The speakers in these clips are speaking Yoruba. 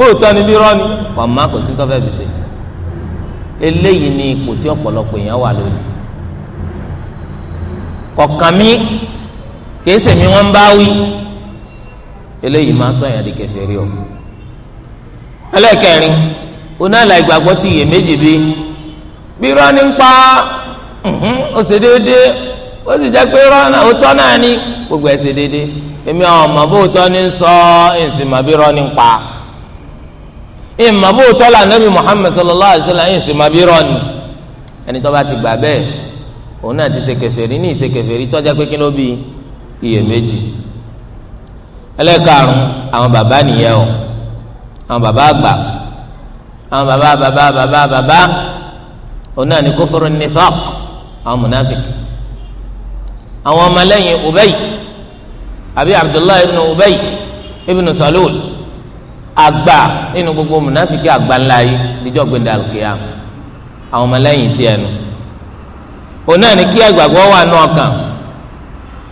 bóòtọ́ ni bí rọ́ọ̀nì kọ̀ọ̀má kò sí tọ́fẹ́ fi eléyìí ni ipò tí ọ̀pọ̀lọpọ̀ èèyàn wà lónìí kọ̀ọ̀kan mi kìí sèmi bá wí eléyìí máa sọ èèyàn di kèfèrí o onáàlà ìgbàgbọ́ ti yè méjì bí bí rọ́ọ̀nì ń pa ó ṣe déédéé ó sì jẹ́ pé rọ́ọ̀nà náà ni gbogbo ẹ̀ ṣe déédéé èmi àwọn ọmọ ni ń sọ ìmọ̀ bó tọ́lá nàbì Muhammad sallallahu alayhi wa sallam yìí sì máa bí rọ́ọ̀nì ẹni tó bá ti gbà bẹ́ẹ̀ òun náà ti ṣe kèfèrí ní ìṣe kèfèrí tọ́já pé kí ló bí iyèméjì ẹlẹ́karùn-ún àwọn bàbá nìyẹn o àwọn bàbá àgbà àwọn bàbá bàbá bàbá bàbá òun náà ni kófòrò nifaq àwọn mùnáfíkì àwọn ọmọlẹ́yìn Ubay àbí Abdullahi ibn Ubay ibn Salul. Agba nínú gbogbo mùnàfíkì àgbà ńlá yìí díjọ́ gbẹ̀dẹ̀ àlùkìyà àwọn ọmọlẹ́yìn tiẹ̀ nù òun náà ní kí ìgbàgbọ́ wà ní ọkàn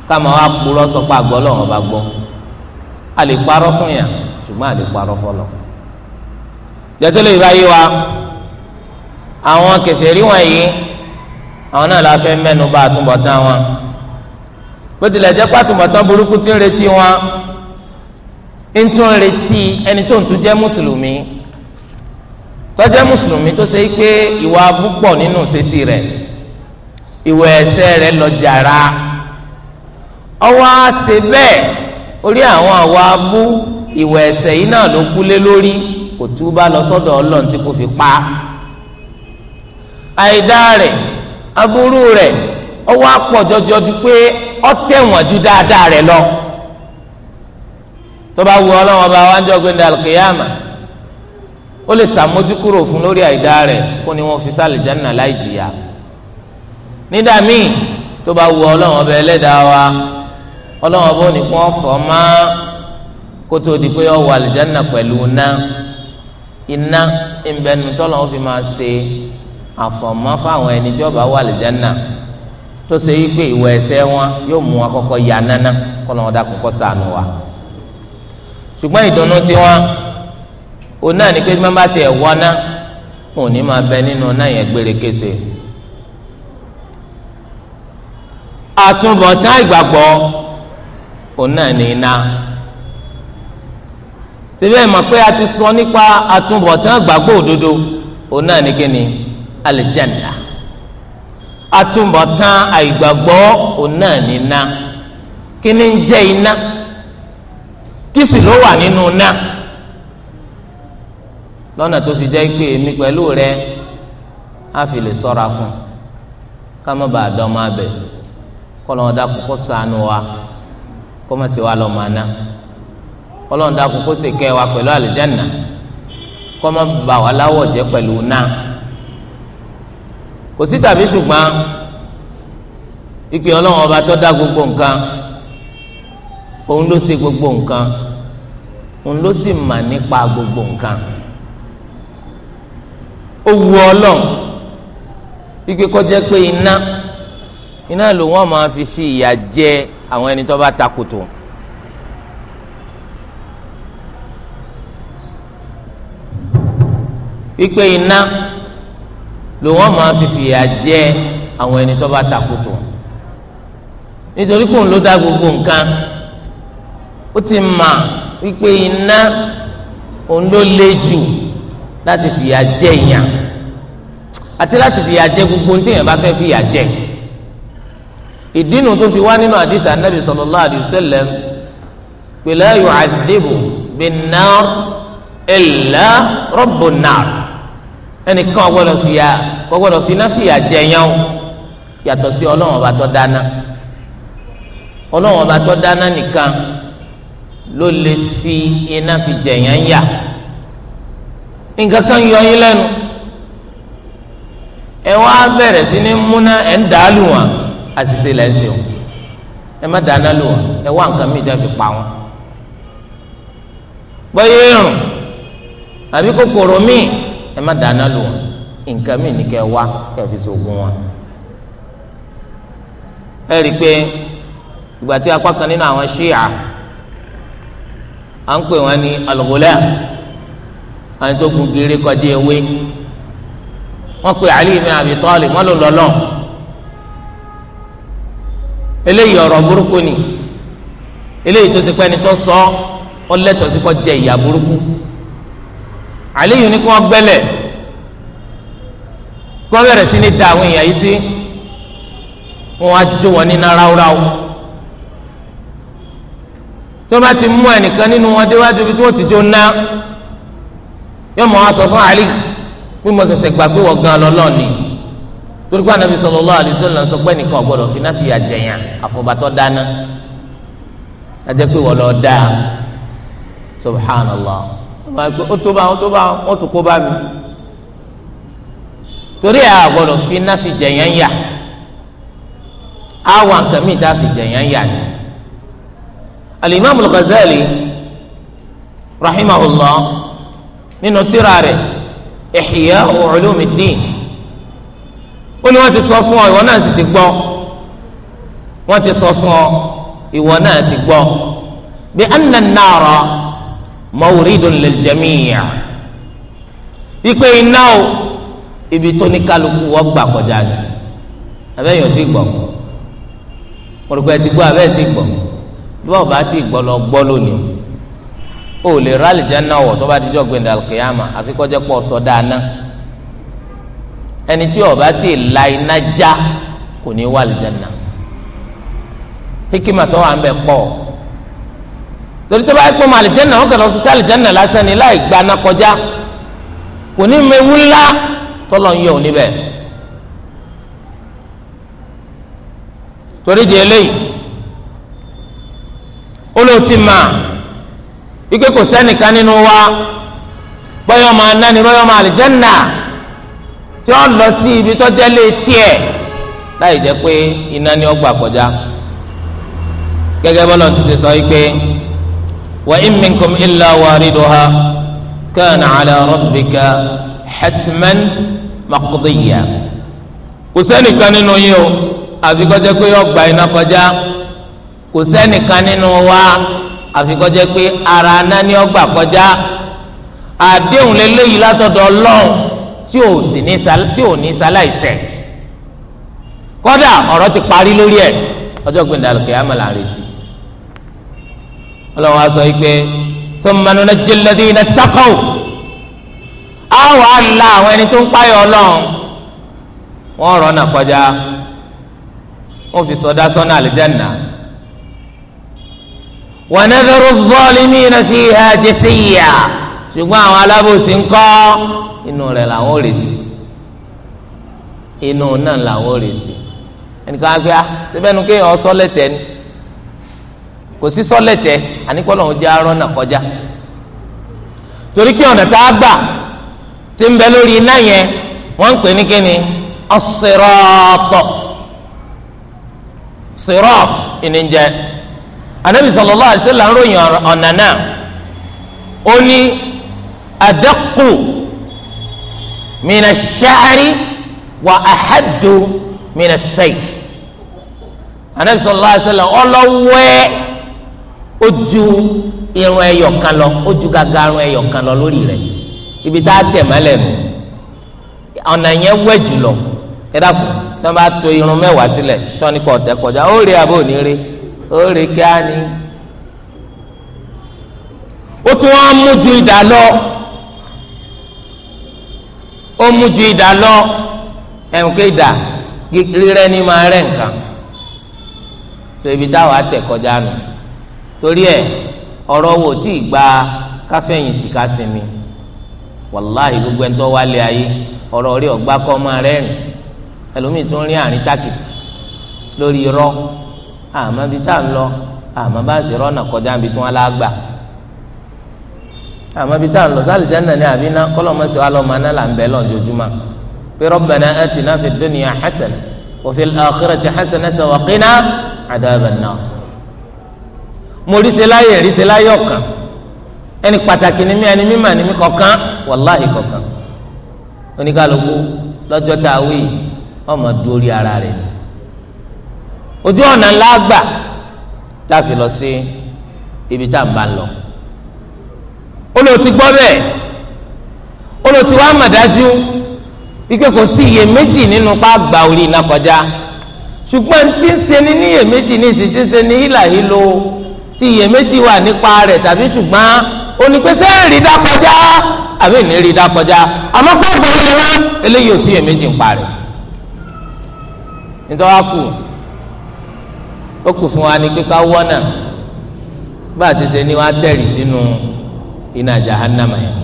káma wa kpọlọ sọpọ àgbọ lọwọ bá gbọ a lè parọ́ fún yàn ṣùgbọ́n a lè parọ́ fọlọ jẹtẹlẹ ìbáyé wa àwọn kèfèrí wọ̀nyí àwọn náà la fẹ́ mẹ́nu bà àtúbọ̀tán wọn bó tilẹ̀ jẹ́ pàtúbọ̀tán burúkú tí ń retí wọn ń tún retí ẹni tó ń tún jẹ́ mùsùlùmí tó jẹ́ mùsùlùmí tó ṣe pé ìwà púpọ̀ nínú ṣèṣì rẹ̀ ìwà ẹ̀ṣẹ̀ rẹ̀ lọ jàrá ọwọ́ á ṣe bẹ́ẹ̀ orí àwọn àwa abú ìwà ẹ̀ṣẹ̀ yìí náà ló kú lé lórí kò túbá lọ sọ́dọ̀ ọlọ́run tí kò fi pa àìdá rẹ̀ aburú rẹ̀ ọwọ́ á pọ̀ jọjọ ju pé ó tẹ̀wọ̀n ju dáadáa rẹ̀ lọ tó bá wu ọlọ́run ọba wa ń jọ gbé ní alkiyama ó lè sàmójúkúrò fún lórí àìdá rẹ̀ kó ni wọ́n fi sálì jánà láì jìyà nídà míì tó bá wu ọlọ́run ọba ẹlẹ́dàá wa ọlọ́run ọba ò ní kó wọ́n fọ́ má kó tó di pé ọwọ́ àlìjánà pẹ̀lú iná iná ìbẹ̀nu tọ́lọ́ fi máa ṣe àfọ̀mọ́ fáwọn ẹni tí ọba wà àlìjánà tó ṣe yí pé ìwọ ẹ̀ṣẹ̀ wọn yóò mú wọn kọ́kọ́ ya nánà kọ́ lọ́wọ́ sànù wa ṣùgbọ́n ìdùnnú tiwọn òun náà ni pé bí wọ́n bá tiẹ̀ wọ́ná wọn ò ní máa bẹ nínú náà yẹn gbére àtúbọ̀tán ìgbàgbọ́ òun náà ni iná síbẹ̀ mọ̀ pé a ti sọ nípa àtúbọ̀tán ìgbàgbọ́ òdodo òun náà ni kíni alìjẹ́nà àtúbọ̀tán àìgbàgbọ́ òun náà ni iná kíni ń jẹ́ iná kí sì ló wà nínú náà lọ́nà tó fi jẹ́ pé èmi pẹ̀lú rẹ á fi lè sọ́ra fún ká má bàa dán máa bẹ̀ kọ́lọ́n dákun kó ṣàánú wa kó má sì wá lọ́ máa ná kọ́lọ́n dákun kó sì kẹ́ wa pẹ̀lú àlìjáná kó má bà wá láwọ̀ jẹ́ pẹ̀lú náà kò sí tàbí ṣùgbọ́n ìpè ọlọ́run ọba tó dá gbogbo nǹkan òun ló ṣe gbogbo nǹkan òun ló sì mà nípa gbogbo nǹkan ó wu ọlọ́run wípé kọjá pé iná iná ló wọ́n máa fi sí ìyà jẹ àwọn ẹni tó bá takùtù. wípé iná ló wọ́n máa fi fìyà jẹ àwọn ẹni tó bá takùtù nítorí kò ń ló dá gbogbo nǹkan ó ti mà wípé iná òun ló le jù láti fìyà jẹ èèyàn àti láti fìyà jẹ gbogbo ohun tí èèyàn bá fẹ́ fìyà jẹ ìdínú tó fi wá nínú àdìsá anábì sallallahu alaihi wasallam pé la yu'adhibu bin-nar illa rabbun-nar ẹnìkan ọgbọ́dọ̀ fìyà ọgbọ́dọ̀ fìyà fìyà jẹ yẹn o yàtọ̀ sí Ọlọ́run ọba tó dáná Ọlọ́run ọba tó dáná nìkan ló lè fi iná fi jẹ̀yàn yà nǹkan kan yọ yín lẹ́nu ẹ wá bẹ̀rẹ̀ sí ní múná ẹ̀ ń dà á lù wọ́n àṣìṣe lẹ́ ń ṣe o ẹ má dáná lù wọ́n ẹ wá nǹkan mìíràn fi pa wọ́n bọ́yé irun àbí kòkòrò míì ẹ má dáná lù wọ́n nǹkan míì ní kẹ́ wá kẹ́ fi ṣògùn wọn ẹ rí i pé ìgbà tí apá kan nínú àwọn ṣíà à ń pè wọn ní alùpùpù àwọn tó gun gèrè kọjá ewé wọn pe Ali ibn Abi Talib wọn ló lọlọ eléyìí ọ̀rọ̀ burúkú ni eléyìí tó ti pẹ́ ni tó sọ ọ lẹ́tọ̀ọ́ sí kó jẹ ìyà burúkú Ali yìí ni kí wọ́n gbẹ́lẹ̀ kí wọ́n bẹ̀rẹ̀ sí ní da àwọn èèyàn yìí sí wọ́n á jó wọn ní náà tí wọ́n bá ti mú ẹnìkan nínú wọn déwájú ibi tí wọ́n ti jó ná yọ mọ wá sọ fún Ali pé mo ṣẹ̀ṣẹ̀ gbà pé gan lọ́lọ́ ni torí pé anabi sallallahu alaihi wasallam sọ pé ẹnìkan ọ̀gbọ́dọ̀ fi náà fi àjẹyàn àfọ̀bàtọ́ dáná ajẹ́ pé wọ́n lọ dáa subhanallah ó tó bá wọn tó bá wọn tó kó bá mi torí ẹ àgbọ́dọ̀ fi náà fi jẹyàn yà á wà nǹkan mìíràn fi jẹyàn yà ni alimami al-Ghazali rahimahullah nínú tírà rẹ̀ Ihya Ulumuddin ó ní wọ́n ti sọ fún ọ ìwọ náà sì ti gbọ́ wọ́n ti sọ fún ọ ìwọ náà ti gbọ́ bí anna an-nara mawridun lil ipe iná o ibi tó ní kálukú wọ́n gbà kọjá ni abẹ́yẹn ò ti gbọ́ mo rò ti gbọ́ abẹ́ẹ̀ ti gbọ́ bí wọn bá ti gbọ́ lọ lónìí o lè ra àlìjáná wọ̀ tó bá ti jọ gbẹ̀ndà kìyàmà àfi kọjá pọ̀ sọ dáná ẹni tí ó bá ti la iná já kò ní wà àlìjáná hikima tó wà ń bẹ pọ̀ torí tó bá yẹ kó ma àlìjáná wọn kàn lọ sọ sí àlìjáná lásán ni láì gbaná kọjá kò ní mewu ńlá tọ́lọ̀ ń yọ òní bẹ́ẹ̀ torí di eléyìí olóòtí mà ike kò sẹ́nìkan nínú wa bọ́yọ̀ máa nání bọ́yọ̀ máa àlìjẹ́nà tí ó lọ sí ibi tó jẹ́ létí ẹ̀ láì jẹ́ pé iná ni ó gbà kọjá gẹ́gẹ́ bọ́lá ti ṣe sọ wípé wa in minkum illa wariduha kana ala rabbika hatman maqdiya kò sẹ́nìkan nínú yín o àfi jẹ́ pé ó iná kọjá kò sẹ́nìkan nínú wa àfi kó jẹ́ pé ara aná ni ó gbà kọjá àdéhùn lélẹ́yìí látọ̀dọ̀ ọlọ́run tí ò sì ní tí ò ní sáláìsẹ̀ kódà ọ̀rọ̀ ti parí lórí ẹ̀ ọjọ́ gbẹ̀ndà lókè àmọ́ là ń retí ọlọ́run á sọ yìí pé thumma nunajjil ladhina ttaqaw á wàá la àwọn ẹni tó ń páyọ̀ ọlọ́run wọ́n rọ̀ ọ́nà kọjá wọ́n fi sọdá sọ́nà àlùjánnà wa nadharu adh-dhalimina fiha jithiya ṣùgbọ́n àwọn alábòsí ń kọ́ inú rẹ̀ làwọn ò lè sí inú náà làwọn ò lè sí ẹnìkan á gbé a ah, síbẹ̀ nu kéèyàn sọ́lẹ̀tẹ̀ ni kò sí sọ́lẹ̀tẹ̀ àníkọ́lọ́hún jẹ́ arọ́nà kọjá torí pé ọ̀nà tá a gbà ti ń bẹ lórí iná yẹn wọ́n pè ní kíni as-sirat sirat anabi sallallahu alaihi wasallam ń ròyìn ọ̀nà náà ó ní adaqu mina sha'ari wa ahadu mina sayf anabi sallallahu alaihi wasallam ọlọ́wẹ́ ojú irun ẹyọ kan lọ ojú gàgà irun ẹyọ kan lọ lórí rẹ̀ ibi tá a tẹ̀ mọ́lẹ̀ nù ọ̀nà yẹn wẹ̀ jùlọ ẹ dàpọ̀ tí wọ́n bá to irun mẹ́wàá sílẹ̀ tí wọ́n ní kọ́ ọ̀tẹ̀ kọjá ó rí abó ní rí. ó rè kíá ni ó tún wá mú ju idà lọ ó mú ju lọ ẹnìkan idà rírẹ ní máa rẹ́ nǹkan so ibi táwọn atẹ kọjá nù torí ẹ ọrọ wo tí ì gba káfẹ́yìn tì ká sinmi wàláhì gbogbo ẹni tó wálé ayé ọ̀rọ̀ rí ọ̀gbá kọ́ máa rẹ́rìn ẹlòmíì tún rí àárín tákìtì lórí irọ́ àmọ́ bíi tá à ń lọ àmọ́ bá ṣe rọ́nà kọjá bíi tí wọ́n lá gbà àmọ́ bíi tá à ń lọ sáà lìjánà ní àbínà kọ́lọ́ mọ́ sí wa lọ́ọ́ máa ná là ń bẹ́ lọ́njọ́júmọ́ pé rabbana atina fid dunya hasanah wa fil akhirati hasanah wa qina adhaban nar mo rí ṣe láyé rí ṣe láyé ọ̀kan ẹni pàtàkì ni mí ẹni mímà ni mí kọ̀ọ̀kan wàláhì kọ̀ọ̀kan oníkàlùkù lọ́jọ́ tá a wí ọmọ dórí ara rẹ̀ ni ojú ọ̀nà ńlá gbà tá a fi lọ sí ibi tá a bá ń lọ olóòtú gbọ́ bẹ́ẹ̀ olóòtú wa mà dájú wípé kò sí iyèméjì nínú pa gba orí iná kọjá ṣùgbọ́n tí ń ṣeni ní iyèméjì ní ìsìn tí ń ṣeni hílàhílo tí iyèméjì wà nípa rẹ̀ tàbí ṣùgbọ́n onípèsè rí kọjá àbí ìní rí dá kọjá àmọ́ gbọ́dọ̀ ìlú eléyìí ò sí iyèméjì ń parẹ́ nítorí wá kù ó kù fún wa ní kíkà wọ́nà bá a ti ṣe ni wọ́n á tẹ̀rì sínú iná jahannama yẹn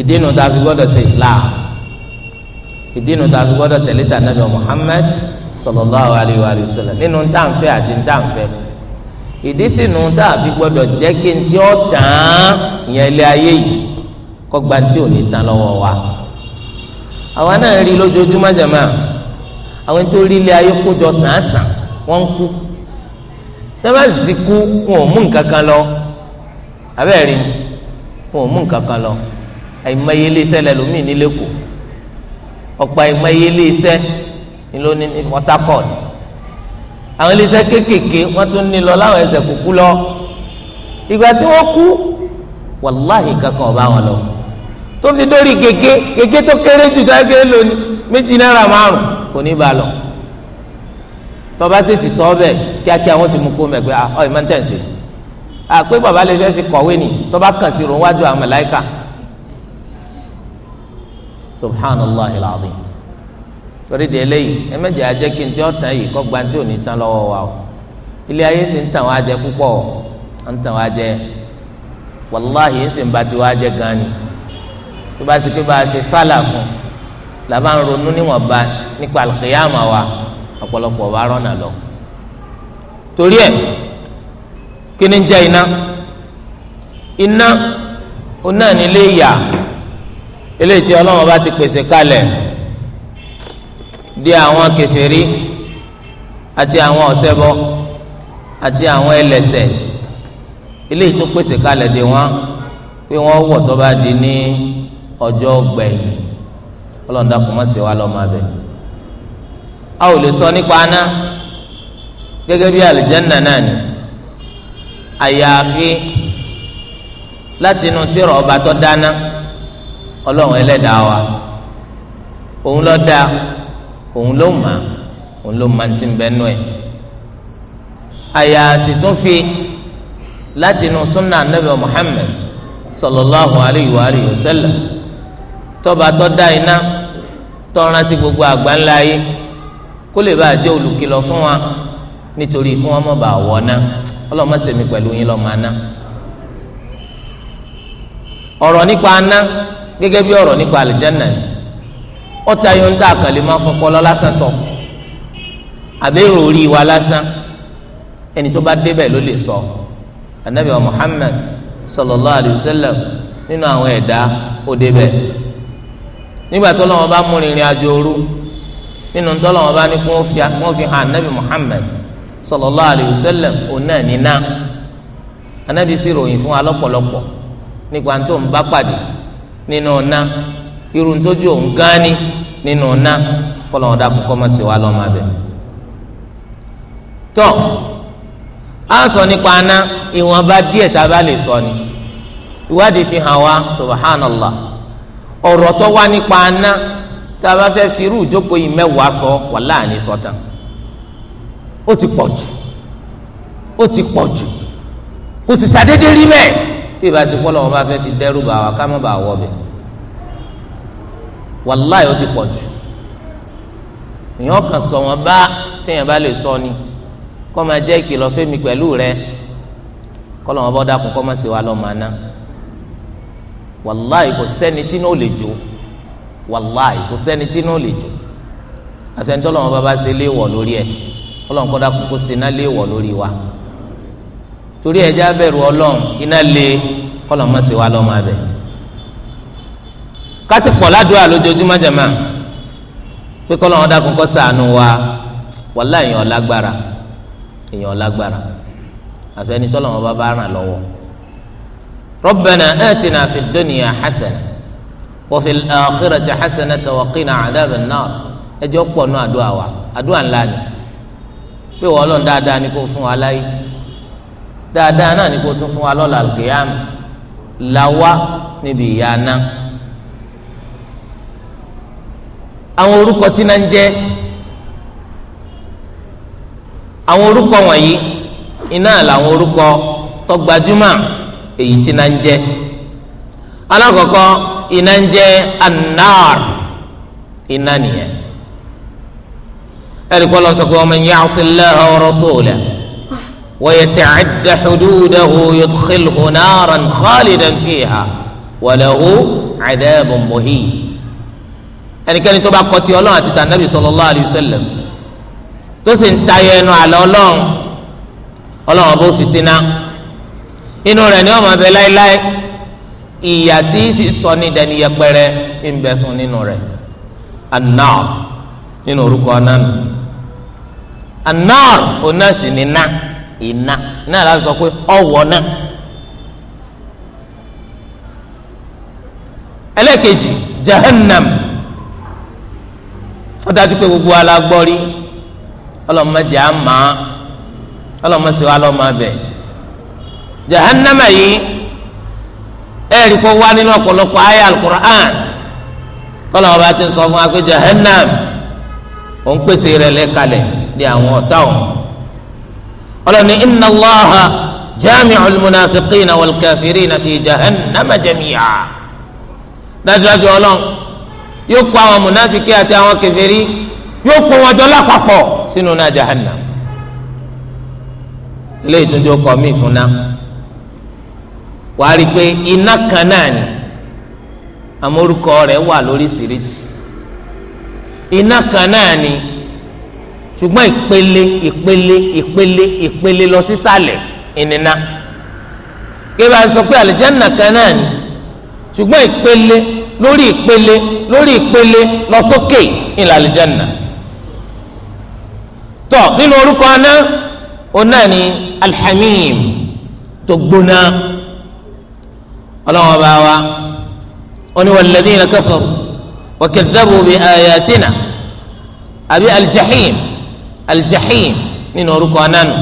ìdínú tá fi gbọ́dọ̀ ṣe islam ìdínú tá a fi gbọ́dọ̀ tẹ̀lé tà nàbẹ̀ muhammad sallallahu alayhi wa sallam nínú ntànfẹ́ àti ntànfẹ́ ìdí sínú tá a fi gbọ́dọ̀ jẹ́ kí n tí ó tàn yẹn ilé ayé yìí kọ́ gba tí ò ní tán lọ́wọ́ wa àwa náà rí lójoojúmọ́ jẹ̀mọ́ àwọn tó rí ilé ayé kó jọ sàn-án sàn-án wọ́n ń kú tẹ́lẹ̀ sì kú wọn ò mú nǹkan kan lọ abẹ́rẹ́ ni wọn ò mú nǹkan kan lọ àìmọye iléeṣẹ́ lẹ́lòmíì ní lẹ́kọ̀ọ́ ọ̀pọ̀ àìmọye iléeṣẹ́ ni ló ní Port Harcourt àwọn iléeṣẹ́ kéékèèké wọ́n tún ní lọ láwọn ẹsẹ̀ kúkú lọ ìgbà tí wọ́n kú wàláhì kankan ọba wọn lọ tó fi dórí gègé gègé tó kéré jù tó ẹgbẹ́ lónìí méjì náírà márùn kò ní bá lọ tọba sèṣì sọ ọbẹ kíákíá wọn ti mú kó mẹ ah, pé ọ ìmọ̀ tẹ̀ ń sè bàbá lè fẹ́ fi kọ̀wé ni tọba kàn sí ròun wájú àwọn màláíkà subhanallah alazim torí de eléyìí ẹ mẹjẹ ajẹ kí n tí ó tán yìí kọ́ gba tí ò ní tán lọ́wọ́ wa o ilé ayé sì ń tàn wá jẹ púpọ̀ ń tàn wá jẹ wàláhì ń sì ń ba tí wá jẹ gan ni tó bá sì pé bá a ṣe fàlà fún làbá ń ronú níwọ̀nba nípa àlùkìyàmà wa. ọ̀pọ̀lọpọ̀ wa rọ́nà lọ torí ẹ̀ kí ni jẹ́ iná iná oná ní ilé ìyà ilé tí ọlọ́run bá ti pèsè kalẹ̀ di àwọn kèfèrí àti àwọn ọ̀sẹ́bọ àti àwọn ẹlẹ́ṣẹ̀ ilé tó pèsè kalẹ̀ di wọn pé wọ́n wọ̀ tó bá di ní ọjọ́ gbẹ̀yìn ọlọ́run dákun má ṣe wá lọ́ọ́ máa a ò lè sọ nípa aná gẹ́gẹ́ bí àlìjẹ́nà náà ni àyàfi láti inú tírà ọba tó dáná ọlọ́run ẹlẹ́dàá wa òun ló dá òun ló mà òun ló máa ti ń bẹ nú ẹ̀ àyàsì tún fi láti inú sunna anabi muhammed sallallahu alayhi wa alayhi wa sallam tọ́ba tó dá iná tọ́ran sí gbogbo àgbáńlá yìí kó lè bàa jẹ́ olùkìlọ̀ fún wa nítorí kí wọ́n má bàa wọ̀ ná ọlọ́mọ sèmi pẹ̀lú yín lọ́mọ aná ọ̀rọ̀ nípa aná gẹ́gẹ́ bí ọ̀rọ̀ nípa àlìjáná ni ó tayọ ń tà kàlẹ́ máa fọpọ́ lọ lásán sọ àbẹ́rò orí wa lásán ẹni tó bá débẹ̀ ló lè sọ anabi wa Muhammad sallallahu alayhi wa sallam nínú àwọn ẹ̀dá ó débẹ̀ nígbà tó lọ́wọ́ bá mú rìnrìn àjò òru nínú tọ́lọ̀ wọn bá ní kí wọ́n fi hàn anabi muhammed sallallahu alayhi wa sallam òun náà níná anabi sì ròyìn fún wa lọ́pọ̀lọpọ̀ nípa tó ń bá pàdé nínú ọ̀nà irun tójú òun gan ni nínú ọ̀nà kọ́lọ̀ wọn dákun kọ́ mọ́ sí wa lọ́mọ abẹ. tọ́ a sọ nípa aná ìwọ̀nba díẹ̀ tá a bá lè sọ ni ìwádìí fi hàn wá subhanallah ọ̀rọ̀ tó wá nípa aná tá a bá fẹ́ fi irú ìjókòó yìí mẹ́wàá sọ wà láàánú sọ́tàn ó ti pọ̀ jù ó ti pọ̀ jù kò sì sàdédé rí bẹ́ẹ̀ bí ìbáṣe pọ́lọ́ wọn bá fẹ́ fi dẹ́rù bà wá ká má bàa wọ bẹ̀ wàláì ó ti pọ̀ jù èèyàn kan sọ wọn bá téèyàn bá lè sọ ni kọ́ máa jẹ́ ìkìlọ̀ fẹ́mi pẹ̀lú rẹ kọ́lọ́ wọn bá dákun kọ́ máa ṣe wa lọ́ọ́ máa ná wàláì kò sẹ́ni tí náà lè jò ó wàláì kò sẹ́ni tí inú lè jò àfẹnjọ́ lọ́wọ́ bá bá ṣe léèwọ̀ lórí ẹ̀ ọlọ́run kọ́dá kókó ṣe iná léèwọ̀ lórí wa torí ẹ̀já bẹ̀rù ọlọ́run iná lé kọ́lọ̀ má ṣe wá lọ́mọ abẹ. kásìpọ̀ ládùúgbò lójoojúmọ́ jẹ̀mọ́ pé kọ́lọ̀ wọn dákun kọ́ ṣàánú wa wàláì èèyàn lágbára èèyàn lágbára àfẹnitọ́lọ́wọ́ bá bá ràn lọ́wọ́ Rabbana atina fid dunya hasana wa fil akhirati hasanatan wa qina adhaban nar ẹjọ́ pọ̀ nù àdúrà wa àdúrà ńlá ni pé wọ́n lọ́n dáadáa ni kò fún wa láyé dáadáa náà ni kò tún fún wa lọ́la al-qiyam làwa níbi ìyá àwọn orúkọ tí náà ń àwọn orúkọ wọ̀nyí iná làwọn orúkọ tó gbajúmọ̀ èyí tí náà ń jẹ́ iná ń jẹ́ anar iná nìyẹn ẹ̀rí kọ́ ló ń sọ pé wa man ya'si Allaha wa rasulahu wa yata'adda hududahu yudkhilhu naran khalidan fiha wa lahu adhabun muhin ẹnikẹ́ni tó bá kọtí ọlọ́run àti tànàbì sallallahu alayhi wa tó sì ń tayọ ẹnu àlà ọlọ́run ọlọ́run ọba ó inú rẹ̀ ni ó máa láéláé ìyà tí sísọ ní dẹni yẹpẹrẹ ń bẹ fún nínú rẹ̀ anar nínú orúkọ nánu anar onásì ní ná iná iná láti sọ pé ọwọ́ náà ẹlẹ́kejì jahannam ó dájú pé gbogbo alágbọ́rí ọlọ́mọdé àmà ọlọ́mọsíwá lọ́mọ abẹ jahannama yìí ẹ̀rí kó wá nínú ọ̀pọ̀lọpọ̀ ayé alukur'an kọ́lá ọba ti sọ fún akéjà hennam ó ń pèsè rẹ̀ lẹ́kalẹ̀ ní àwọn ọ̀tá wọn. ọlọ́ni inna Allaha jami'ul munafiqina wal kafirina fi jahannama jami'a dájúdájú ọlọ́run yóò kó àwọn munafiki àti àwọn kèfèrí yóò kó wọn jọ lápapọ̀ sínú náà jahannam ilé ìtúndínlọ́kọ̀ mi fún náà wàá rí i pé iná kan náà ni àmọ́ orúkọ rẹ̀ wà lóríṣiríṣi iná kan náà ni ṣùgbọ́n ìpele ìpele ìpele ìpele lọ sísàlẹ̀ ìnina kébà sọ pé àlìjáná kan náà ni ṣùgbọ́n ìpele lórí ìpele lórí ìpele lọ sókè ìlà àlìjáná tọ nínú orúkọ náà ni alhamim tó gbóná ọlọ́wọ́n bá wa oní walladhina kafaru wa kadhabu bi ayatina àbí aljahim aljahim nínú orúkọ anánu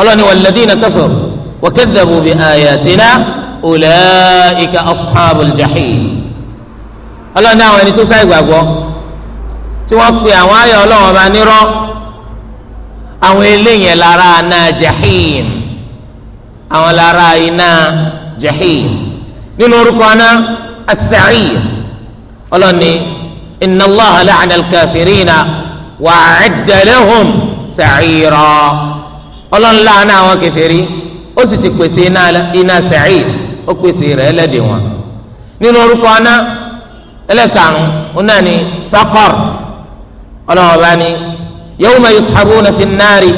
ọlọ́ni walladhina kafaru wa kadhabu bi ayatina ulaika ashabul jahim ọlọ́ni àwọn ẹni tó sáyé gbàgbọ́ tí wọ́n pe àwọn ayọ̀ ọlọ́wọ́n bá nírọ́ àwọn eléyìn lára náà àwọn lára iná jahim nínú orúkọ aná as-sa'ir ọlọ́ni inna Allaha la'ana al-kafirina wa a'adda lahum sa'ira ọlọ́ni la'ana àwọn kẹfẹ́rí ó sì ti pèsè iná sa'ir ó pèsè rẹ̀ ẹlẹ́dẹ̀ wọn nínú orúkọ aná ẹlẹ́karùn ọ̀nà ni saqar ọlọ́wọ́ bá ní yawma yushabuna fi an-nari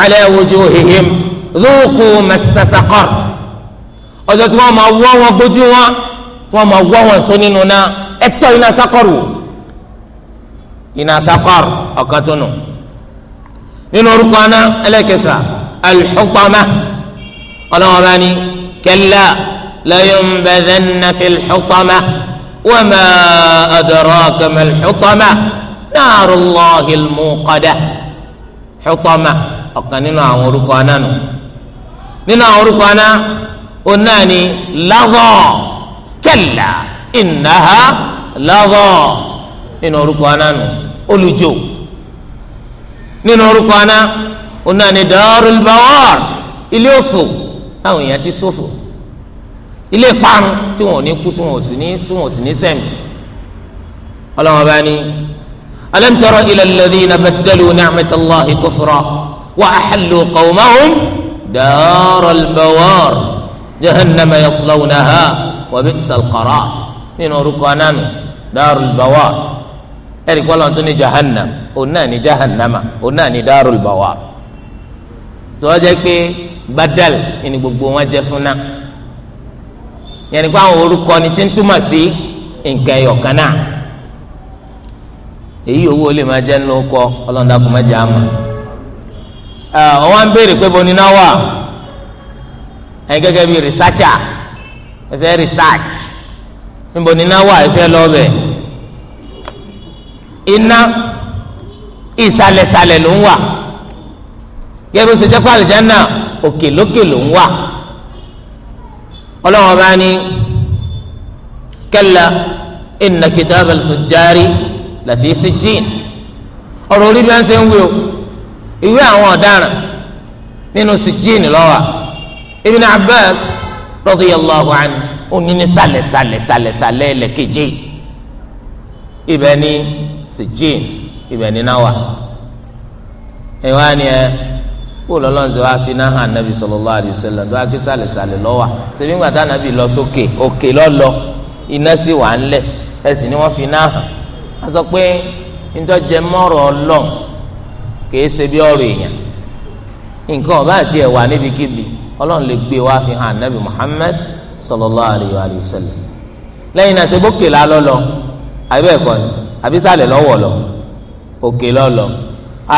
ala wujuhihim dhuqu massa saqar ọjọ́ tí wọ́n máa wọ́ wọn gbójú wọn tí wọ́n máa wọ́ wọn sọ nínú náà ẹ tọ́ iná sákọ̀rù wò iná sákọ̀rù ọ̀kan tó nù nínú orúkọ aná ẹlẹ́kẹfà alḥuqama ọlọ́wọ́n bá ní kalla layunbadhanna fil huqama wa ma adraka mal huqama narullahil muqada huqama ọ̀kan nínú àwọn orúkọ aná nù nínú àwọn orúkọ aná òun náà ni lọ́gọ̀ kẹlà ìnáha lọ́gọ̀ nínú orúkọ aná nù olùjò nínú orúkọ aná òun náà ni darul bawar ilé òfò táwọn èèyàn ti ṣòfò ilé ìparun tí wọn ò ní kú tí wọn ò sì ní tí wọn ò sì ní sẹ́mi ọlọ́wọ́n bá ní alam tara ila alladhina baddalu ni'matallahi kufra wa ahallu qawmahum darul bawar jahannama yaslawnaha wa bi'sal qarar nínú orúkọ anánu darul bawar ẹ̀rí kọ́ lọ́n tún ní jahannam òun náà ní jahannama òun náà ní darul bawar tó wọ́n jẹ́ pé gbadal ẹni gbogbo wọn jẹ́ fúnná yẹn ni pé àwọn orúkọ ni tí ń túmọ̀ sí nǹkan ẹ̀yọ̀ kan náà èyí owó lè máa jẹ́ nínú kọ́ ọlọ́dàkùn máa jẹ́ àmà ọ̀wọ́n ń béèrè pé bo ni náà wà ẹ̀yin gẹ́gẹ́ bíi researcher ẹsẹ research níbo níná wà ẹsẹ lọbẹ iná ìsàlẹ̀sàlẹ̀ ló ń wà gẹ́gẹ́ bó ṣe jẹ́ pé àlùjáná òkèlókè ló ń wà ọlọ́run ọba ní kalla inna kitab al-fujjari làṣẹ sijjin ọ̀rọ̀ orí bí wọ́n ṣe ń wí o ìwé àwọn ọ̀daràn nínú sijjin ló wà. Ibn Abbas radiyallahu anhu òní ní sàlẹ̀ sàlẹ̀ sàlẹ̀ sàlẹ̀ ẹlẹ́keje ibẹ̀ ni sijin ibẹ̀ ni náwà ẹ̀ wá ni ẹ kó lọ́lọ́run sọ wá sí náà hàn nàbì sallallahu alaihi wasallam tó akí sàlẹ̀ sàlẹ̀ lọ́wà ṣèbí ńgbà tá nàbì lọ sókè òkè lọ́lọ́ iná sì wà ńlẹ̀ ẹ̀sìn ni wọ́n fi náà hàn á sọ pé ntọ́jẹ mọ́rọ̀ ọlọ́run kìí ṣe bí ọ̀rọ̀ èèyàn nǹkan ọ̀bá àti ẹ̀wà níbikíbi ọlọ́run lè gbé wá fi hàn nabi muhammed sallallahu alayhi wa sallam lẹ́yìn náà ṣe bókè lálọ́ lọ àbí ẹ̀kọ́ ni àbí sàlẹ̀ lọ́wọ́ lọ òkè lọ́lọ́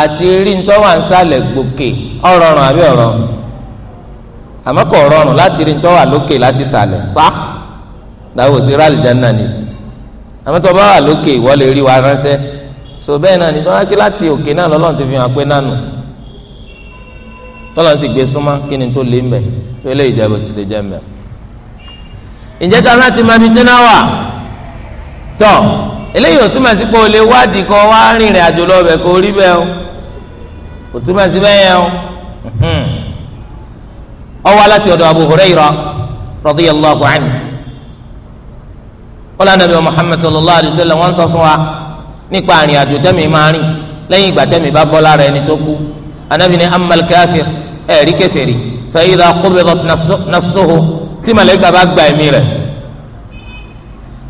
àti rí ntọ́wà ń sàlẹ̀ gbòkè ọ̀rọ̀rùn àbí ọ̀rọ̀ àmọ́ kò rọrùn láti rí ntọ́wà lókè láti sàlẹ̀ sá dáwọ́ sí rálì jẹ́nà nìsí àmọ́ tó bá wà lókè ìwọ rí wa ránṣẹ́ so bẹ́ẹ̀ náà nítorí láti òkè náà lọ́lọ́run ti fi hàn pé nánu tọ́lọ́ sì gbé súnmọ́ kí ni tó lé mbẹ́ tó eléyìí jẹ́ bó ti ṣe jẹ́ mbẹ́. ǹjẹ́ tá a láti máa bi tẹ́ná wà tọ́ eléyìí ò túmọ̀ sí pé o lè wádìí kan wá rìnrìn àjò lọ bẹ̀ rí bẹ́ẹ̀ o kò túmọ̀ sí bẹ́ẹ̀ yẹn o. ó wá láti ọ̀dọ̀ Abu Hurairah radiyallahu anhu wọ́n lánàá bí wọn Muhammad sallallahu alayhi wa sallam wọ́n sọ fún wa nípa àrìn àjò tẹ́mi máa rìn lẹ́yìn ìgbà tẹ́mi bá bọ́ lára ẹni tó kú Ànábì ní ẹ̀rí kèfèrí fa idha qubidat nafsuhu tí màlẹ́kà bá gba ẹ̀mí rẹ̀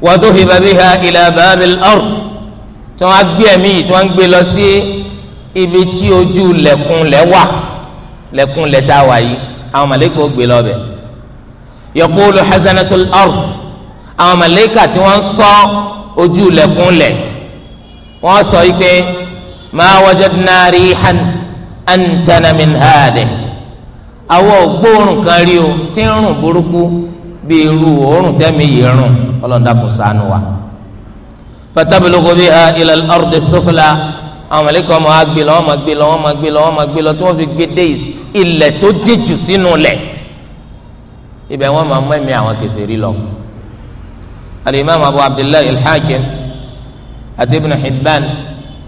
wa dhuhiba biha ila babil ard tí wọ́n á gbé ẹ̀mí tí wọ́n á gbé lọ sí ibi tí ojú lẹ̀kùnlẹ̀ wà lẹ̀kùnlẹ̀ tá a wà yìí àwọn màlẹ́kà ó gbé lọ bẹ̀ yaqulu hazanatul ard àwọn màlẹ́kà tí wọ́n ń ṣọ́ ojú lẹ̀kùnlẹ̀ wọ́n sọ yìí pé ma wajadna rihan antana min hadihi àwọn ògbóòrùn kan rí o tí ń rùn burúkú bí irú òórùn tẹ́mi yìí rùn ọlọ́dà kò sànù wa. fatabilogo bi a ilal ọrùdẹ sọfúnla àwọn mọ̀lẹ́kọ̀ ọmọ agbè lọ́wọ́ máa gbé lọ́wọ́ máa gbé lọ́wọ́ tí wọ́n fi gbé days ilẹ̀ tó jẹ́jù sínú lẹ̀ ibẹ̀ wọ́n máa mú ẹ̀mí àwọn kèfèrí lọ. alimami abu abdullahi alhakim àti ibn hibban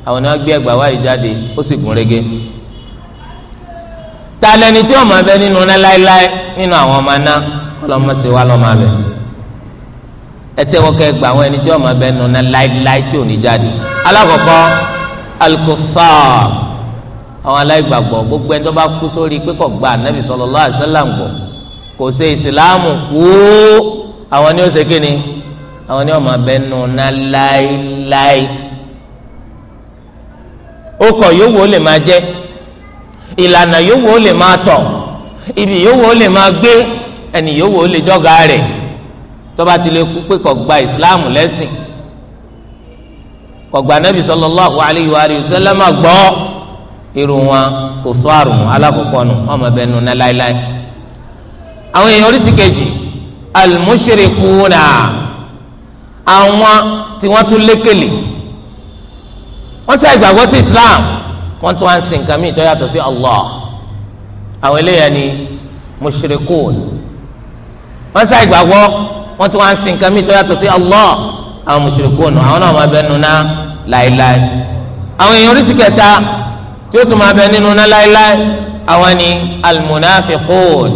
àwọn ni wọ́n gbé ẹgbàá wáyé jáde ó sì gún régé ta lẹni tí ọmọ abẹ nínú ná láéláé nínú àwọn ọmọ aná ọlọmọ sì wá lọmọ abẹ ẹ tẹ́wọ́ kẹ́ gba àwọn ẹni tí ọmọ abẹ nínú ná láéláé tí ò ní jáde alákọ̀ọ́kọ́ al-kuffar àwọn aláìgbàgbọ́ gbogbo ẹni tó bá kú sórí pípọ̀ gba anabi sallallahu alaihi wasallam gbọ́ kò ṣe ìsìláàmù kú àwọn ni ó ṣe kíni àwọn ni ọmọ abẹ nínú ná láéláé ó kọ̀ yóò wò máa jẹ́ ìlànà yòówù ó lè máa tọ̀ ibi yòówù ó lè máa gbé ẹni yòówù ó lè jọ́ga rẹ̀ tó bá ti lè kú pé gba ìsìláàmù lẹ́sìn kò gba Ànábì sallallahu alayhi wa sallam gbọ́ irun wọn kò sọ àrùn alákọ̀ọ́kọ́ nù ọmọ ẹbẹ nù ná láéláé àwọn èèyàn oríṣi kejì al-mushrikuna àwọn tí wọ́n tún lékele wọ́n ṣe ìgbàgbọ́ sí islam wọ́n tún wá ń sìn nǹkan míì tó yàtọ̀ sí Allah àwọn eléyà ni mushrikun wọ́n sá ìgbàgbọ́ wọ́n tún wá ń sìn nǹkan míì tó yàtọ̀ sí Allah àwọn mushrikun àwọn náà máa bẹ nínú láéláé àwọn èèyàn oríṣi kẹta tí ó tún máa bẹ nínú ná láéláé àwọn ni almunafikun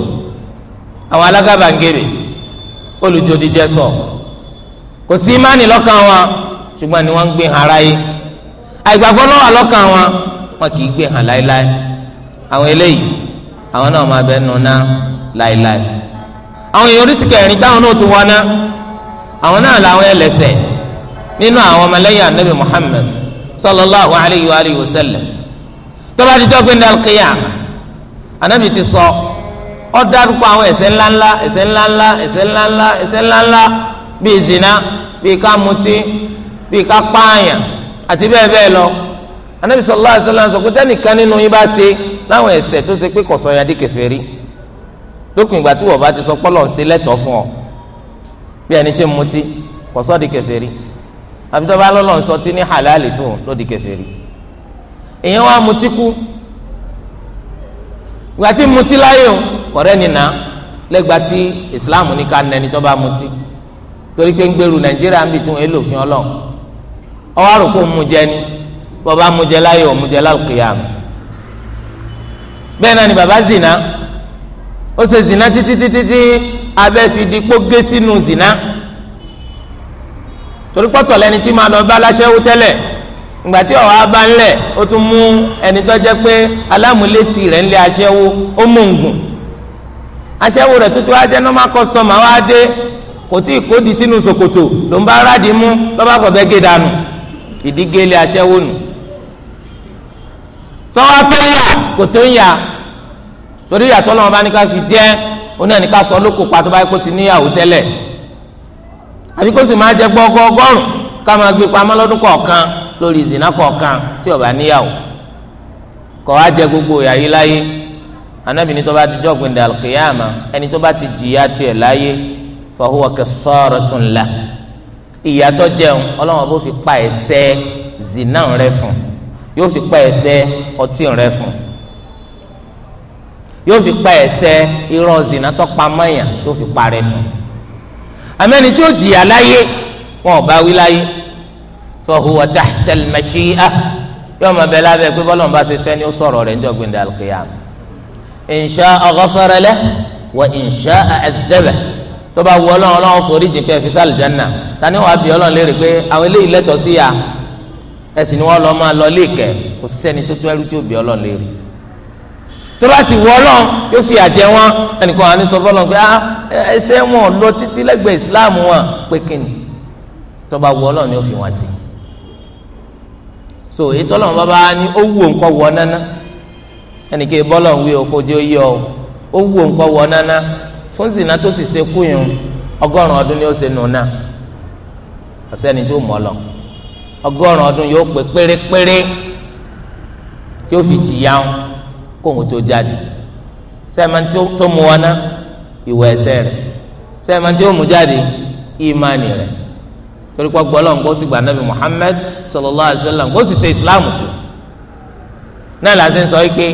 àwọn alágàbàǹgẹ̀rẹ̀ olùjọ́díjẹ́ sọ kò sí imáàni lọ́kàn wọn ṣùgbọ́n ni wọ́n ń gbé hàn aráyé àìgbàgbọ́ ló wà lọ́kàn wọn wọn kì í gbé hàn láéláé àwọn eléyìí àwọn náà máa bẹ nù náà láéláé àwọn èèyàn oríṣi kẹrin táwọn náà tún wọná àwọn náà làwọn ẹlẹ́ṣẹ̀ nínú àwọn ọmọlẹ́yìn anabi muhammed sallallahu alayhi wa alayhi wa sallam tọ́ba ti dọ́gbìn dal qiyama anabi ti sọ ọ dárúkọ àwọn ẹ̀ṣẹ̀ ńláńlá ẹ̀ṣẹ̀ ńláńlá ẹ̀ṣẹ̀ ńláńlá ẹ̀ṣẹ̀ ńláńlá bíi zina bíi ká bíi ká àti bẹ́ẹ̀ bẹ́ẹ̀ lọ anabi sallallahu alaihi wasallam sọ pé tẹnìkan nínú yín bá ṣe láwọn ẹ̀ṣẹ̀ tó ṣe pé kò sọ yẹn di kèfèrí lópin ìgbà tí wọ́n bá ti sọ pé Ọlọ́run ṣe lẹ́tọ̀ọ́ fún ọ bí ẹni tí ń mutí kò di kèfèrí àfi tó bá sọ tí ní halali fún un ló di kèfèrí èèyàn wá mutí kú ìgbà tí mutí láyé o ọ̀rẹ́ nìna lẹ́gbàá tí Islam ní ká nẹni tó bá mutí torí pé ń gbèrú Nàìjíríà ń bì tún èlò fún Ọlọ́run ọwọ́ àròkó mu jẹ ni. bọba amújẹlá yọ ọmújẹlá kìyàm bẹ́ẹ̀ náà ni baba zina ó ṣe zina titi abẹ́ fi di kó gé sínú zina torí lẹni tí máa lọ bá aláṣẹ́wó tẹ́lẹ̀ ngbàtí ọ̀hún abá ńlẹ̀ ó tún mú ẹni tó jẹ́ pé alámúlétì rẹ̀ ńlẹ̀ aṣẹ́wó ó mú ngùn aṣẹ́wó rẹ̀ tuntun ajẹ́ normal customer wa dé kò tí ì di sínú ṣòkòtò ló ń bá mú lọ́ba sọ́wọ́ tó ń yà kò tó ń yà torí ìyàtọ̀ náà bá ní ká fi jẹ́ oní ẹni ká sọ lóko pàtó báyìí kó ti níyàwó tẹ́lẹ̀ àbí kó sì máa jẹ gbọ́gọ́gọ́rùn ká máa gbé pamọ́ lọ́dún kọ̀ọ̀kan lórí ìzìnà kọ̀ọ̀kan tí ó bá níyàwó kọ́ á jẹ gbogbo ìyà láyé anábì ní tó bá ti jọ́gbìn dà kìyàmà ẹni tó bá ti jìyà tiẹ̀ láyé fahuwa kasaratun la ìyàtọ̀ jẹun ọlọ́wọ́n bó fi pa ẹ̀ṣẹ̀ zìnà rẹ fún un yóò sì pa ẹ̀ṣẹ̀ ọtí rẹ fún yóò sì pa ẹ̀ṣẹ̀ irọ́ zina tó pa mọ́yàn yóò sì pa rẹ fún amẹ́ni tí ó jìyà láyé wọn ò bá wí láyé fa huwa tahta al-mashi'a yóò máa bẹ lábẹ́ pé bọ́lá ọba ṣe fẹ́ ni ó sọ̀rọ̀ rẹ̀ níjọ́ gbẹ̀ndẹ̀ al-qiyam in sha'a ghafara lahu wa in Ọlọ́run Ọlọ́run foríjì pé fi tani wàá bí Ọlọ́run léèrè pé àwọn eléyìí lẹ́tọ̀ọ́ sí ya ẹsìn ni wọn lọ máa lọ léèkẹ kò sẹ́ni tó tó ẹrú tí ó bí lè rí tó bá fi àjẹ wọn ẹnìkan sọ pé ah, wọn lọ títí lẹ́gbẹ̀ẹ́ ìsìláàmù wọn pé kíni tó bá ni fi wọn so ètò Ọlọ́run bàbá ni ó wù wọ nánà ẹnìkan ìbọlọ ń wí jẹ ọ ó wù wọ nánà fún tó sì ṣe ni ó ṣe nù náà tó mọ ọgọ́rùn ọdún yóò pé pérépéré kí ó fi jìyà wọn kó òun tó jáde sẹ́ẹ̀mà tó mu wọn ná ìwà ẹ̀ṣẹ̀ rẹ̀ sẹ́ẹ̀mà tí ó mu jáde ìmánì rẹ̀ torí pé gbọ́ lọ́nkọ́ sì gba nabi Muhammad sallallahu alayhi wa sallam kó sì ṣe islam kù náà làá ṣe ń sọ yìí pé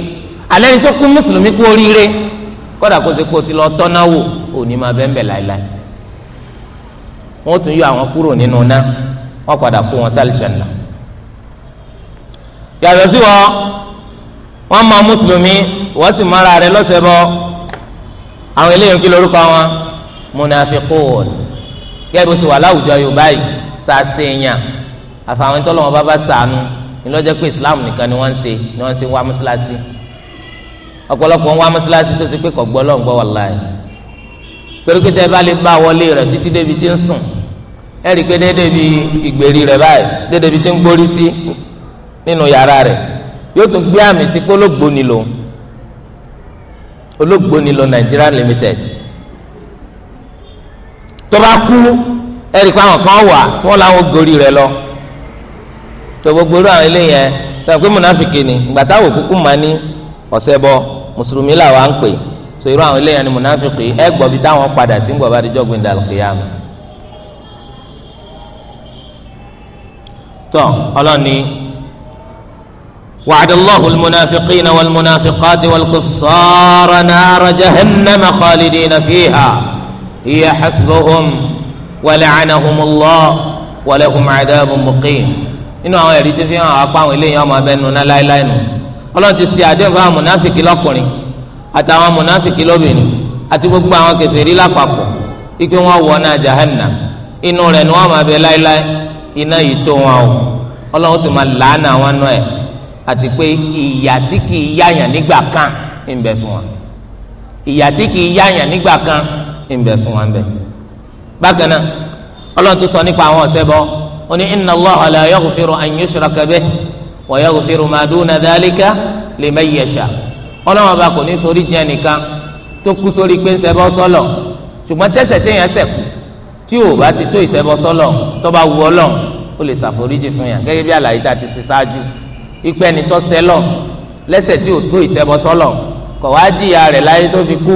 alẹ́ ní tó kú mùsùlùmí kú oríire kódà kó ṣe pé o ti lọ tọ́náwó òní máa bẹ́ẹ̀ bẹ́ẹ̀ láéláé wọ́n tún yọ àwọn kúrò nínú náà wọ́n padà kó wọn sálì jẹ̀nà. yàtọ̀ sí wọn wọ́n máa mùsùlùmí wọ́n sì mara rẹ̀ lọ́sẹ̀ bọ́ àwọn eléyìí kí lórúkọ wọn munafikun gẹ́gẹ́ bó ṣe wà láwùjọ yorùbá yìí sàṣẹ èèyàn àfàwọn tó lọ́wọ́ bá bá sànù ńlọ́jẹ́ pé islam nìkan ni wọ́n ń ṣe ni wọ́n ń ṣe wá mọ́ṣáláṣí ọ̀pọ̀lọpọ̀ ń wá mọ́ṣáláṣí tó ṣe pé kò gbọ́ lọ́ngbọ́ wàláì torí pé tẹ́ bá lè bá wọlé rẹ̀ títí débi tí ń sùn ẹ rí i pé déédéé bi ìgbèrí rẹ̀ báyìí déédéé bi ti ń gbórí sí nínú yàrá rẹ yóò tún gbé àmì sí pé olóògbó ni lò olóògbó ni lò Limited tó bá kú ẹ pé àwọn kan wà tí wọ́n láwọn gorí lọ tó gbogbo irú àwọn ilé yẹn sọ pé múnáfìkì ni ìgbà táwọn máa ní ọ̀sẹ̀ bọ mùsùlùmí làwọn à ń pè so irú àwọn ilé yẹn ni ẹ gbọ́ bí táwọn padà sí tọ́ ọlọ́ni wàhádà allahu almunafiqin walmunafiqati walkusaara naara jahannama khalidina fiha iya xasbuhum wàlàcanahum allah wàlàhum cadaabu muqim nínú àwọn ẹ̀rí tí fi hàn apá àwọn eléyìí ọmọ abẹ́ nuna láéláé ti ṣe àdéhùn fún àwọn mùnáfìkì lọ́kùnrin àtàwọn mùnáfìkì lóbìnrin àti gbogbo àwọn kèfèrí lápapọ̀ ikú wọn wọ náà jahannam inú rẹ̀ ni wọ́n máa bẹ láéláé iná yìí tó wọn o ọlọ́run sì máa làánà wọn náà ẹ̀ àti pé ìyà tí kì í yáyàn nígbà kan ń bẹ fún wọn ìyà tí kì í yáyàn nígbà kan ń bẹ fún wọn bẹ. bákan náà ọlọ́run tó sọ nípa àwọn ọ̀sẹ̀ bọ́ ó ní inna Allaha la yaghfiru an yushraka bihi wa yaghfiru ma duna dhalika liman yasha ọlọ́run ọba kò ní sórí jẹ́ nìkan tó kú sórí pé ń ṣẹbọ sọ́lọ̀ ṣùgbọ́n tẹ́sẹ̀ téèyàn ṣẹ̀kù tí o bá ti tó ìṣẹ́bọ sọ́lọ̀ tó bá wu ọlọ́run ó lè ṣàforíjì fún yàn gẹ́gẹ́ bí àlàyé tá a ti ṣe ṣáájú ipe ẹni tó ṣẹ lọ lẹ́sẹ̀ tí o tó ìṣẹ́bọ sọ́lọ̀ kọ̀ wá jìyà rẹ̀ láyé tó fi kú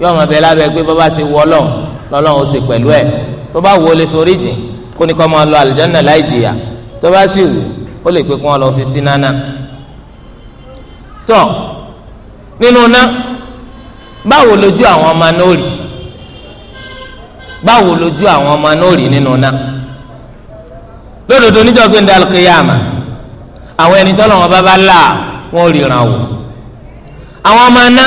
yóò mọ̀ bẹ́ẹ̀ lábẹ́ pé bọ́bá ṣe wu ọlọ́run lọ́lọ́run ó ṣe pẹ̀lú ẹ̀ tó bá wu ó lè foríjì kó ní kó máa lọ àlùjánnà láì jìyà tó bá sì wù ó lè pé kó wọn lọ fi sí nánà. tọ́ nínú ná báwo lójú àwọn ọmọ náà báwo lójú àwọn ọmọ náà rí nínú náà lódodo níjọ́ gbẹndé alukiyama àwọn ẹni tọ́lọ̀ wọn bá bá là wọn ríran wò àwọn ọmọ náà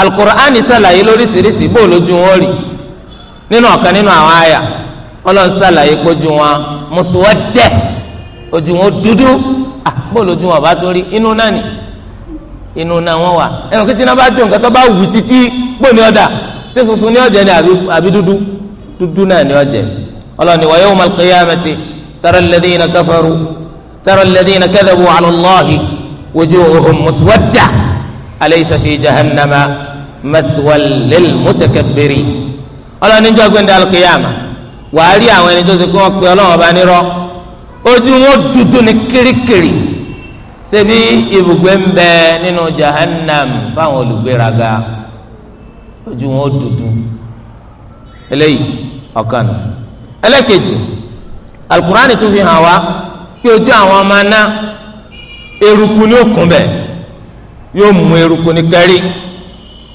alukur'ani sàlàyé lóríṣiríṣi bó lójú wọn rí nínú ọ̀kan nínú àwọn àyà ọlọ́run sàlàyé pójú wọn mùsùlùmọ́dẹ́ ojú wọn dúdú bó lójú wọn bá tó rí inú náà ni inú náà wọn wà ẹnu kí tí náà bá jó nǹkan bá wù títí gbóni ọ̀dà ṣé funfun ni ọ̀jẹ̀ ni àbí dúdú dúdú náà ni ọ̀jẹ̀ ọlọ́ni wa yawmal qiyamati tara alladhina kafaru tara alladhina kadhabu ala Allahi wujuhuhum muswadda alaysa fi jahannama mathwal lil mutakabbirin ọlọ́ni jọ́ gbẹ̀ndẹ̀ alqiyama wàá rí àwọn ẹni tó ṣe kí wọ́n pe Ọlọ́run ọba nírọ́ ojú wọn dúdú ní kirikiri ṣebí ibùgbé ń bẹ nínú jahannam fáwọn olùgbéraga ojú wọn ó dúdú eléyìí ọ̀kan nù ẹlẹ́kejì alukurani tún fi hàn wá pé ojú àwọn ọmọ aná eruku ní òkun bẹ̀ yóò mú eruku ní kẹrí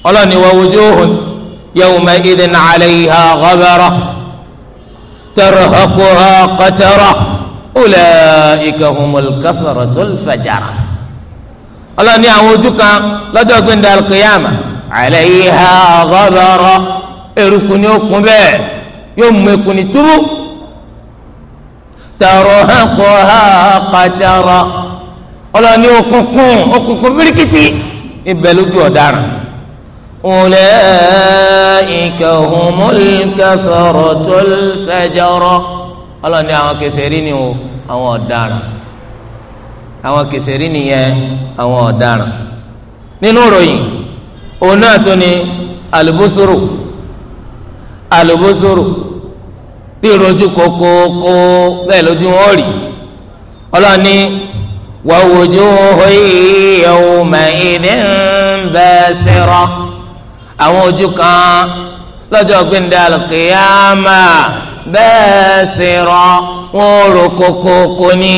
ọlọ́ni wa wujuhun yawma idhin 'alayha ghabarah tarhaquha qatarah ulaika humul kafaratul fajara ọlọ́ni àwọn ojú kan lọ́jọ́ gbẹ̀ndẹ̀ alukiyama alayha ghabara eruku ni ó kún bẹ́ẹ̀ yóò mú eku ni túrú tarhaquha qatara ọlọ́ni òkùnkùn òkùnkùn bíríkìtì ibẹ̀ lójú ọ̀daràn. أولئك هم الكفرة الفجرة الله ni àwọn kèfèrí ni o àwọn ọ̀daràn àwọn kèfèrí nìyẹn àwọn ọ̀daràn nínú ìròyìn òun náà tún ni àlùbọ́sọ̀rọ̀ àlùbọ́sọ̀rọ̀ bí rojú kókókó bẹ́ẹ̀ lójú wọn rì ọlọ́ni wa wujuhun yawma'idhin basira àwọn ojú kan lọ́jọ́ gbẹ̀ndẹ̀ al-qiyama basira wọn rò kókókó ní.